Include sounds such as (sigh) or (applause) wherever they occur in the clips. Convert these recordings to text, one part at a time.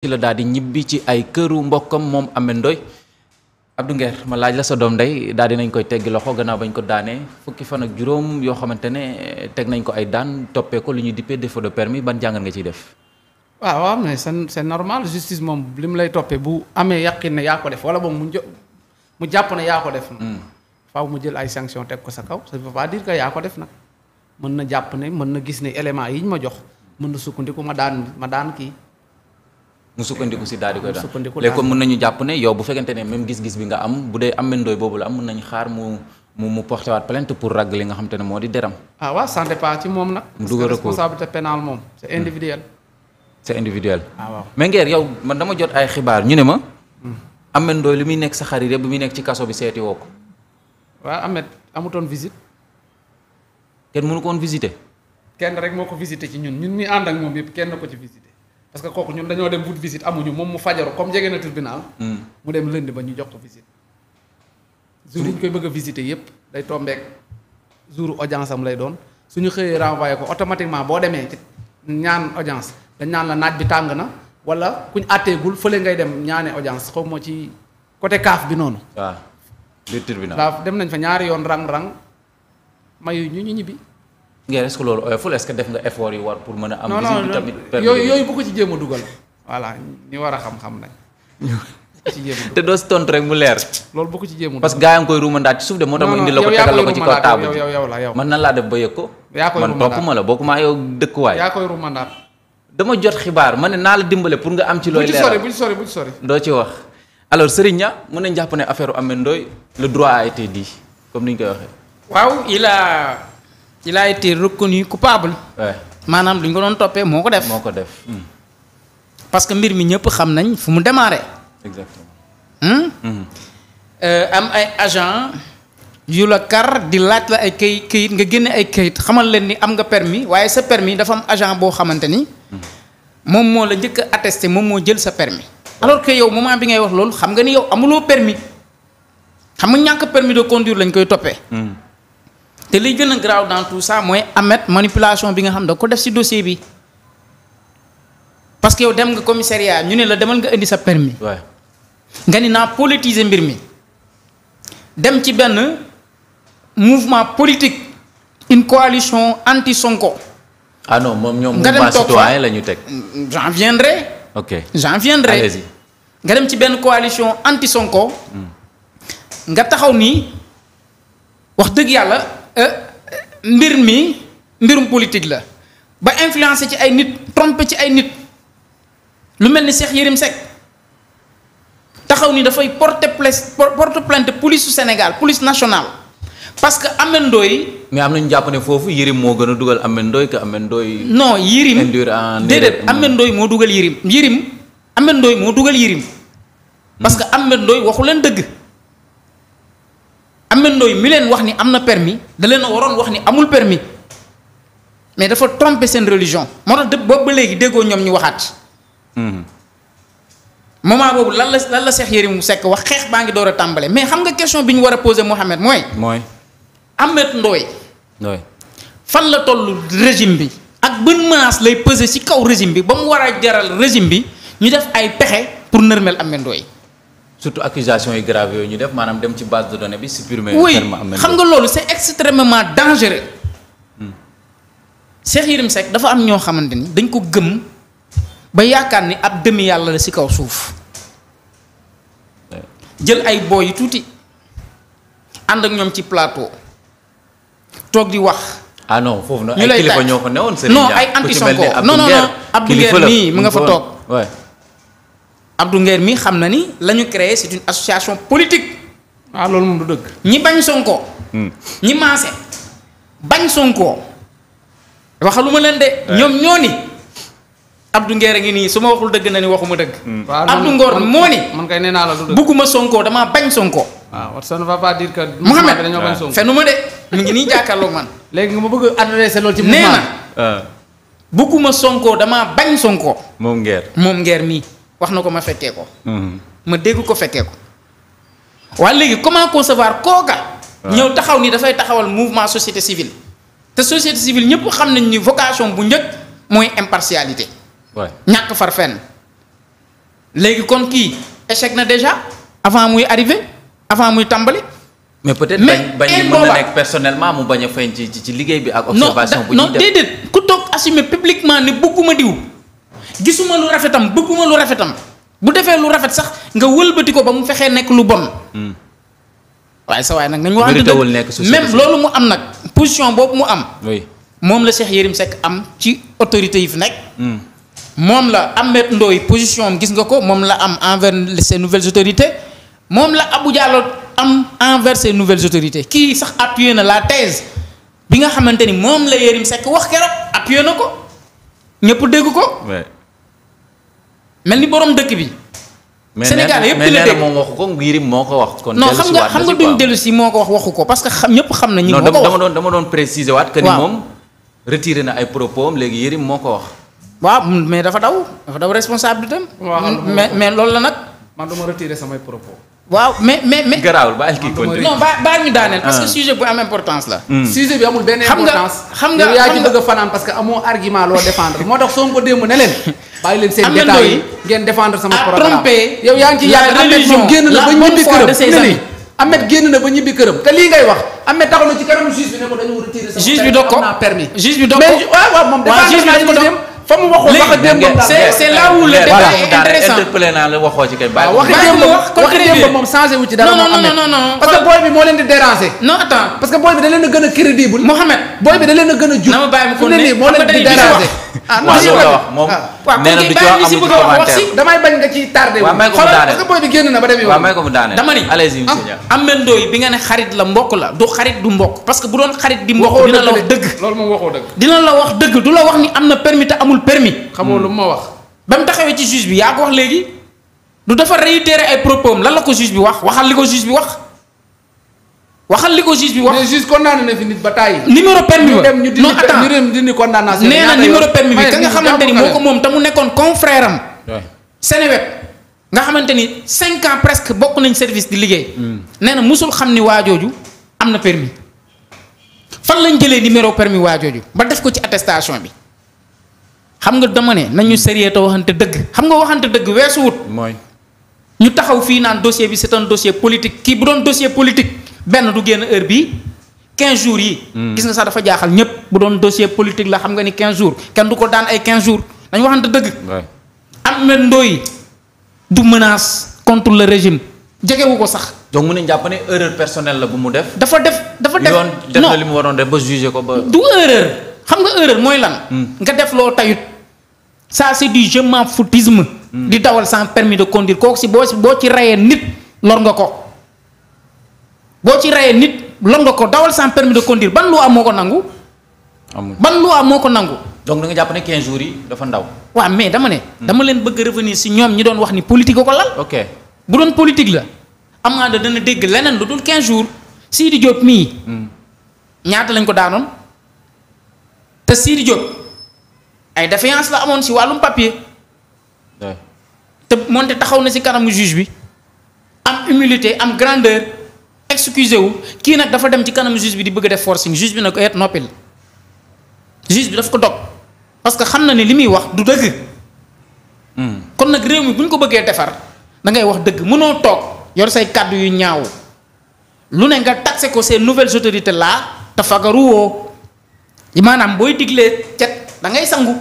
ci la daal di ñibbi ci ay këru mbokkam moom Ameth Ndoye Abdou ma laaj la sa doom ndey daal di nañ koy teggi loxo gannaaw bañ ko daanee fukki fan ak juróom yoo xamante ne eh, teg nañ ko ay daan toppee ko lu ñuy dippee défaut de permis ban jàngat nga ciy def. Ah, waaw mais c'est c'est normal justice moom li mu lay toppee bu amee yàqin na yaa ko def wala boog mu jo mu jàpp ne yaa ko def. Hmm. faw mu jël ay sanction teg ko sa kaw ça ne veut pas dire yaa ko def nag mën na jàpp ne mën na gis ne éléments yi ma jox mu sukkandiku si daal di koy daan léegi kon mën nañu jàpp ne yow bu fekkente ne même gis-gis bi nga am bu dee am mendooy boobu la am mën nañu xaar mu mu mu porté pour ragg li nga xam te ne ah moom nag. Hmm. individuel. c'est ah yow dama jot ay xibaar ñu ne ma. Hmm. Ameth Ndoye li muy nekk sa xarit yëpp bi muy nekk ci kaso bi seeti woo ko. waaw amutoon visite. kenn rek moo ko visiter ci ñun ñun ñi ànd ak moom yëpp kenn ko ci visiter. parce que kooku ñun dañoo dem wut visite amuñu moom mu fajaru comme jege na tribunal hmm. mu dem lënd ba ñu jox ko visite jour yi ñu koy bëgg a yépp day tombeek jour audience am lay doon suñu xëyee renvoyé ko automatiquement boo demee ci ñaan audience dañ ñaan naaj bi tàng na wala kuñ àtteegul fële ngay dem ñaane audience xaw ma ci côté kaaf bi noonu ah, waaw biir dem nañ fa ñaari yoon rang-rang mayu ñu ñu ñibbi ngeen est-ce que loolu oyoful est-ce que def nga effort yu war pour mën a am na a dugal voilà (laughs) te doo si rek mu leer. loolu boo ci jéem parce que gaa yaa ngi ko tegal la ko ci kaw taabu yow yow la yow man nan laa def ba yëg ko. man topp ma la bokkuma yow dëkkuwaay. dama jot xibaar ma ne naa la dimbale pour nga am ci. looy leeral bu ci sori bu ci sori doo ci wax. alors Serigne Niang mën nañu jàpp ne affaire Ameth Ndoye le droit a été dit comme ni ñu koy waxee. waaw il il a été reconnu coupable. maanaam lu ñu ko doon toppee moo ko def. moo ko def. Hmm. parce que mbir mi ñëpp xam nañ fu mu démarré. exactement. Hmm? Hmm. Euh, am ay agent yu la kar di laaj la ay kay kayit nga génne ay kayit xamal leen ni am nga permis waaye sa permis dafa am agent boo xamante ni. moom moo la njëkk a attesté moom moo jël sa permis alors que yow moment bi ngay wax loolu xam nga ni yow amuloo permis xam nga ñàkk permis de conduire lañ koy toppee. te li gën a graaw dans tout ça mooy amet manipulation bi nga xam da ko def si dossier bi parce que yow dem nga commissariat ñu ne la demal nga indi sa permis nga ni naa politiser mbir mi dem ci benn mouvement politique une coalition anti Sonko. ah non moom ñoom la ñu teg j'en viendrai ok j'en viendrai nga dem ci benn coalition anti Sonko. Hmm. nga taxaw nii wax dëgg yàlla Euh, mbir mi mbirum politique la ba influencé ci ay nit trompé ci ay nit lu mel ni Cheikh Yérim Seck taxaw ni dafay porter plainte porte plainte police su Sénégal police nationale parce que Ameth Ndoye mais am nañu jàpp ne foofu Yérim moo gën a dugal Ameth Ndoye que Ameth Ndoye non Yérim déedéet Ameth Ndoye moo dugal Yérim Yérim Ameth Ndoye moo dugal Yérim parce que Ameth Ndoye waxu leen dëgg Ameth Ndoye mi leen wax ni am na permis da leen a waroon wax ni amul permis mais dafa trompé seen religion moo tax dëpp boobu ba léegi déggoo ñoom ñu waxaat mhm. moment boobu lan la lan la Cheikh Yérim Seck wax xeex baa ngi door a tàmbale mais xam nga question bi ñu war a posé Mouhamed mooy. mooy Ameth Ndoye. Ndoye fan la toll régime bi. ak ban menace lay peser ci kaw régime bi ba mu war a jaral régime bi ñu def ay pexe pour nërmeel Ameth Ndoye. surtout accusation yi grave yooyu ñu def maanaam dem ci base de données bi supprimer. oui xam nga loolu c'est extrêmement dangereux. Cheikh Yérim Seck dafa am ñoo xamante ni dañ ko gëm ba yaakaar ni ab demi yàlla la si kaw suuf jël ay booy yu tuuti ànd ak ñoom ci plateau toog di wax. ah non foofu nag ay kilifa ñoo fa newoon. Serigne Niang non ay anti Sonko nii mu nga fa toog. Abdou Nguer mi xam na ni lañu ñu créé c'est une association politique. waaw ah, loolu moom du dëgg. ñi bañ Sonko. Hmm. ñi maase bañ Sonko waxaluma leen de. ñoom ñoo ni Abdou Nguer a ngi nii su ma waxul dëgg na ni waxuma dëgg. Hmm. waaw Abdou Ngor moo ni. man nee naa la du bugguma Sonko damaa bañ Sonko. Ah, waaw ça ne va pas dire que. Mouhamed dañoo bañ Sonko fenuma de mu ngi nii jàkkaarloog man. (laughs) léegi nga ma bëgg a adressé loolu ci. nee na ah. bugguma Sonko damaa bañ Sonko. moom Nguer moom Nguer mii. wax na ko ma fekkee ko. Mhm. ma dégg ko fekkee ko. waaye léegi comment concevoir kooka. ñëw taxaw ni dafay taxawal mouvement société civile. te société civile ñëpp xam nañ ni vocation bu njëkk mooy impartialité. ñàkk far fenn. léegi kon kii échec na déjà avant muy arrivé avant muy tàmbali. mais peut-être bañ bañ mën na nekk mu bañ a feeñ ci ci liggéey bi ak. observation bu ñuy def non déedéet ku toog assumer publiquement ne bëgguma diw. gisuma lu rafetam bëgguma lu rafetam bu defee lu rafet sax nga wëlbati ko ba mu fexee nekk lu bon. Hmm. waaye sa waaye nag nañu wax dëgg même loolu mu am nag position boobu mu am. moom la Cheikh Yérim Seck am ci autorité yi fi nekk. Hmm. moom la Ahmed position gis nga ko moom la am envers ces nouvelles moom la Abou Diallo am envers ces nouvelles autorités kii sax appuyé na la thèse bi nga xamante ni moom la Yérim Seck wax keroog appuyé na ko ñëpp dégg ko. mel ni borom dëkk bi. Sénégal yëpp di la dégg moom waxu ko Yérim moo ko wax. kon non xam nga xam nga duñ dellu si moo ko wax waxu ko parce que xam ñëpp xam nañ. ñi moo ko wax dama doon dama doon préciser waat. ka ni moom retiré na ay propos am léegi Yérim moo ko wax. waaw mais dafa daw dafa daw responsabilité am. Mm, mais mais loolu la nag. man dama retiré samay propos. waaw mais mais mais. garaawul baal kii continué non baal ñu daaneel. parce que ah. sujet bu am importance la. Hmm. sujet bi amul benn importance. xam nga xam nga yaa ci bëgg fanaan parce que amoo argument loo défendre moo tax Sonko démb ne leen. (laughs) bàyyi leen seen détails ngeen défendre sama programme trompé yaa ngi ci yàgg Ahmed moom génn na ba ñibbi këram te lii ngay wax Ahmed taxaw na ci kanam juge bi ne ko dañu permis juge bi dog waaw waaw moom défendre naa fa mu waxoon wax ak démb c'est là où le débat est intéressant interpellé naa la waxoo ci kay bàyyi ah, wax démb moom changé wu ci dara non non non non booy bi moo leen di déranger non booy bi da leen a gën a crédible Mohamed booy bi da leen a gën a jub fu moo leen di déranger ah, ah waaw may ko mu daane xoolal boy bi génn na ba demee. waaw may ko mu daane dama ni. allez-y ah, bi nga ne xarit la mbokk la du xarit du mbokk parce que bu doon xarit di mbokk dina la wax dëgg. du la wax ni am na permis te amul permis. xamoo lu hmm. ma wax. ba mu taxawee ci juge bi yaa ko wax léegi du dafa réitérer ay propos lan la ko juge bi wax waxal li ko juge bi wax waxal li ko juge bi wax mais juge condamné na fi nit ba taay. numéro permis ba ñu dem ñu dindi condamnation nee na permis bi ka nga xamante ni moo ko moom te mu nekkoon confrère am. nga xamante ni cinq ans presque bokk nañ service di liggéey. Hmm. nee na musul xam ni waajooju am na permis fan lañ jëlee numéro permis waajooju ba def ko ci attestation bi xam nga dama ne nañu sérieux te waxante dëgg xam nga waxante dëgg weesuwut. mooy ñu taxaw fii naan dossier bi c'est un politique kii bu doon dossier politique. benn du génn heure bi 15 jours yi. Hmm. gis nga sax dafa jaaxal ñëpp bu doon dossier politique la xam nga ni quinze jours kenn du ko daan ay 15 jours dañu waxante dëgg. Ahmed Ndoye du menace contre le régime jegewu ko sax. donc mën jàpp ne erreur personnelle la bu mu def. dafa def dafa def yoon def na li mu waroon def ba ko ba. du erreur xam nga mooy lan. Hmm. nga def loo tayut ça c'est du je m'en foutisme. Hmm. di dawal san permis de conduire kooku si boo si boo ci rayee nit lor nga ko. boo ci reyee nit lon nga ko dawal sans permis de conduire ban loi moo ko nangu. ban loi moo ko nangu. donc da nga jàpp ne 15 jours yi dafa ndaw. waa mais dama ne. dama leen bëgg revenir si ñoom ñi doon wax ni politique ko lal. ok bu doon politique la. am naa da dana dégg leneen lu dul 15 jours Sidi jot mii. Hmm. ñaata lañ ko daanoon te Sidi jot ay défiance la amoon si wàllum papier. te moonte taxaw na si kanamu juge bi am humilité am grandeur. excusé wu kii nag dafa dem ci kanam juge bi di bëgg def forcing juge bi ne ko et eh, noppil juge bi daf ko dog parce que xam na ne li muy wax du dëgg. Hmm. kon nag réew mi bu ñu ko bëggee defar da ngay wax dëgg mënoo toog yor say kàddu yu ñaaw lu ne nga taxé ko ces nouvelles autorités là te fagaruwoo maanaam booy diglee cet da ngay sangu.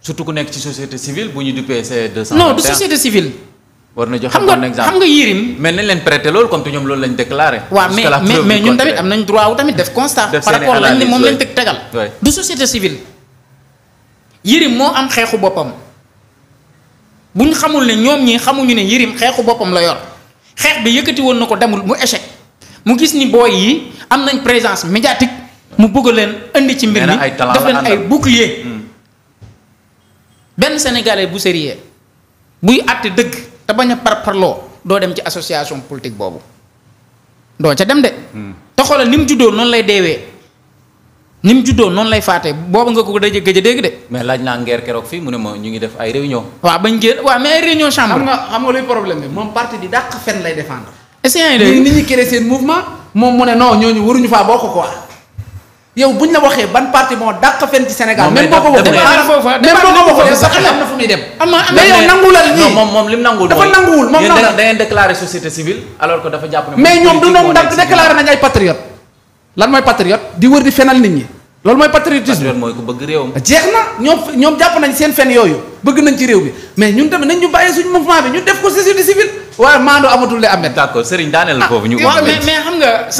surtout ku nekk ci société civile bu ñu duppee ces deux cent non du société civile. war na joxe xam nga Yérim mais nañ leen prêter loolu comme te ñoom loolu lañ déclaré. waaw mais mais ñun tamit am nañ droit wu tamit def constat. par rapport lañ ne moom lañ teg tegal. du société civile. Yérim moo am xeexu boppam bu ñu xamul ne ñoom ñii xamuñu ne Yérim xeexu boppam la yor xeex bi yëkkati woon na ko demul mu échec mu gis ni booy yi am nañ présence médiatique mu bëgg leen indi ci mbir mi def leen ay bouclier hmm. benn sénégalais bu sérieux buy àtte dëgg. te bañ a par parparloo doo dem ci association politique boobu doo ca dem de. Hmm. te xoolal ni mu juddoo noonu lay deewee ni mu juddoo noonu lay faatee boobu nga ko dajee gëj a dégg de. mais laaj naa ngeer keroog fii mu ne ma ñu ngi def ay réunion. waaw bañ génn waaw mais ay réunion chambre. xam nga xam nga luy problème bi moom parti bi dàq fen lay défendre. est-ce que yaa ngi dégg nit ñi créé seen mouvement. moom mu ne non ñooñu waruñu faa boo ko ko quoi. yow buñ la waxee ban parti moo dàq fenn ci Sénégal. même boo ko na fu muy na mais yow société civile alors que dafa jàpp ne. mais ñoom du ñoom ndax déclaré nañ ay patriote lan mooy patriote di wër di fenal nit ñi. loolu mooy patriotisme jeex na ñoom ñoom jàpp nañ seen fen yooyu bëgg nañ ci réew bi mais ñun tamit nañ ñu bàyyi suñu mouvement bi ñu def ko société civile. waaye maandu amatul le d'accord Serigne daaneel ah, foofu ñu. mais mais